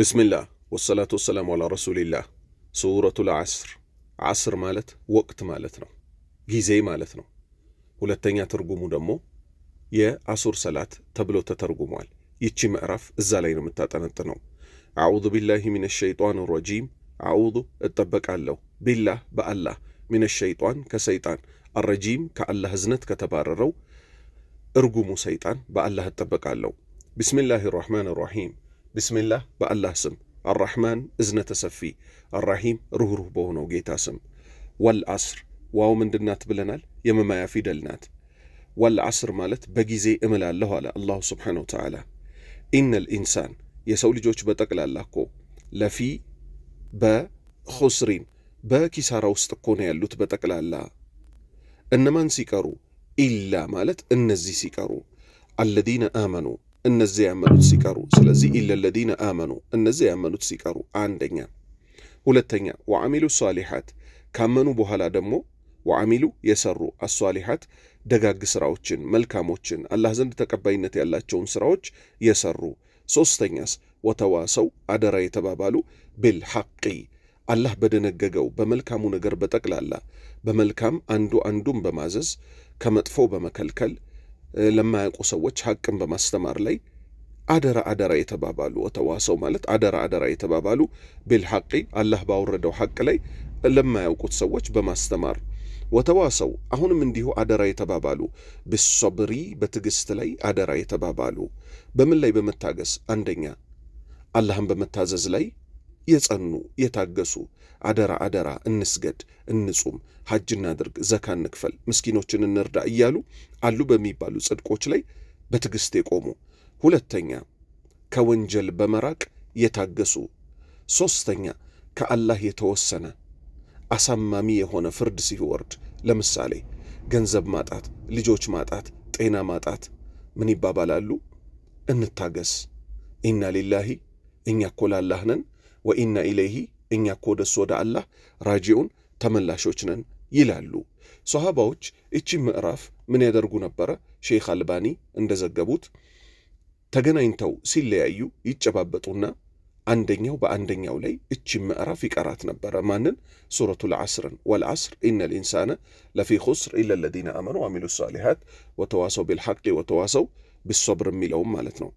ብስሚላህ ወሰላቱ ወሰላሙ አላ ረሱሊላህ። ሱረቱል ዐስር ዐስር ማለት ወቅት ማለት ነው፣ ጊዜ ማለት ነው። ሁለተኛ ትርጉሙ ደግሞ የአሱር ሰላት ተብሎ ተተርጉሟል። ይቺ ምዕራፍ እዛ ላይ ነው የምታጠነጥነው። አዑዙ ቢላሂ ሚነ ሸይጣን ረጂም። አዑዙ እጠበቃለሁ፣ ቢላህ በአላህ ሚነ ሸይጣን ከሰይጣን፣ አረጂም ከአላህ እዝነት ከተባረረው እርጉሙ ሰይጣን በአላህ እጠበቃለሁ። ቢስሚላህ ራሕማን ራሒም ቢስሚላህ በአላህ ስም አራሕማን እዝነተ ሰፊ አራሒም ሩኅሩህ በሆነው ጌታ ስም። ወል አስር ዋው ምንድናት ብለናል? የመማያ ፊደል ናት። ወል አስር ማለት በጊዜ እምላለሁ አለ አላሁ ስብሓነ ወተዓላ። ኢነል ኢንሳን የሰው ልጆች በጠቅላላ እኮ ለፊ በኹስሪን በኪሳራ ውስጥ እኮ ነው ያሉት በጠቅላላ። እነማን ሲቀሩ? ኢላ ማለት እነዚህ ሲቀሩ አለዚነ አመኑ እነዚያ ያመኑት ሲቀሩ። ስለዚህ ኢለለዚነ አመኑ እነዚያ ያመኑት ሲቀሩ አንደኛ። ሁለተኛ ወአሚሉ ሷሊሓት ካመኑ በኋላ ደግሞ ወአሚሉ የሰሩ አሷሊሓት ደጋግ ስራዎችን መልካሞችን፣ አላህ ዘንድ ተቀባይነት ያላቸውን ስራዎች የሰሩ። ሶስተኛስ ወተዋሰው አደራ የተባባሉ ቢልሐቂ አላህ በደነገገው በመልካሙ ነገር በጠቅላላ በመልካም አንዱ አንዱን በማዘዝ ከመጥፎ በመከልከል ለማያውቁ ሰዎች ሀቅን በማስተማር ላይ አደራ አደራ የተባባሉ ወተዋሰው ማለት አደራ አደራ የተባባሉ ቢልሐቂ አላህ ባወረደው ሐቅ ላይ ለማያውቁት ሰዎች በማስተማር ወተዋሰው አሁንም እንዲሁ አደራ የተባባሉ ብሶብሪ በትዕግስት ላይ አደራ የተባባሉ በምን ላይ በመታገስ አንደኛ አላህን በመታዘዝ ላይ የጸኑ የታገሱ አደራ አደራ እንስገድ፣ እንጹም፣ ሐጅ እናድርግ፣ ዘካ እንክፈል፣ ምስኪኖችን እንርዳ እያሉ አሉ በሚባሉ ጽድቆች ላይ በትዕግሥት የቆሙ ሁለተኛ ከወንጀል በመራቅ የታገሱ ሦስተኛ ከአላህ የተወሰነ አሳማሚ የሆነ ፍርድ ሲወርድ ለምሳሌ ገንዘብ ማጣት፣ ልጆች ማጣት፣ ጤና ማጣት ምን ይባባላሉ? እንታገስ። ኢና ሊላሂ እኛ እኮ ላላህ ነን ወኢና ኢለይሂ እኛ እኮ ወደሱ ወደ አላህ ራጂኡን ተመላሾች ነን ይላሉ። ሰሃባዎች እቺ ምዕራፍ ምን ያደርጉ ነበረ? ሼክ አልባኒ እንደዘገቡት ተገናኝተው ሲለያዩ ይጨባበጡና አንደኛው በአንደኛው ላይ እቺ ምዕራፍ ይቀራት ነበረ። ማንን? ሱረቱ ልዓስርን። ወልዓስር ኢነ ልኢንሳነ ለፊ ኹስር ኢለ ለዚነ አመኑ ወአሚሉ ሳሊሃት ወተዋሰው ቢልሐቅ ወተዋሰው ብሶብር የሚለውም ማለት ነው።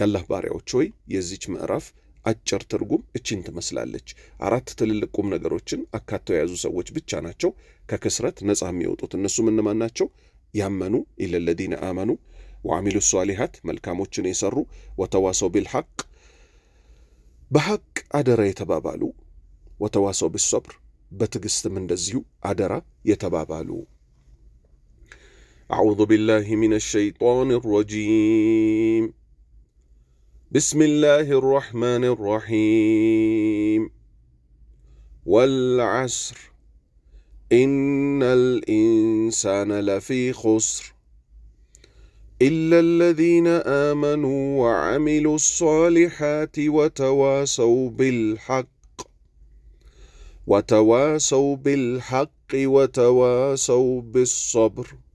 ያላህ ባሪያዎች ሆይ የዚች ምዕራፍ አጭር ትርጉም እቺን ትመስላለች። አራት ትልልቅ ቁም ነገሮችን አካተው የያዙ ሰዎች ብቻ ናቸው ከክስረት ነጻ የሚወጡት። እነሱም እነማን ናቸው? ያመኑ ኢለለዲነ አመኑ ወአሚሉ ሷሊሃት መልካሞችን የሰሩ ወተዋሰው ቢልሐቅ በሐቅ አደራ የተባባሉ ወተዋሰው ቢሰብር በትዕግስትም እንደዚሁ አደራ የተባባሉ። አዑዙ ቢላሂ ሚነ ሸይጣን ረጂም بسم الله الرحمن الرحيم والعسر إن الإنسان لفي خسر إلا الذين آمنوا وعملوا الصالحات وتواصوا بالحق وتواصوا بالحق وتواصوا بالصبر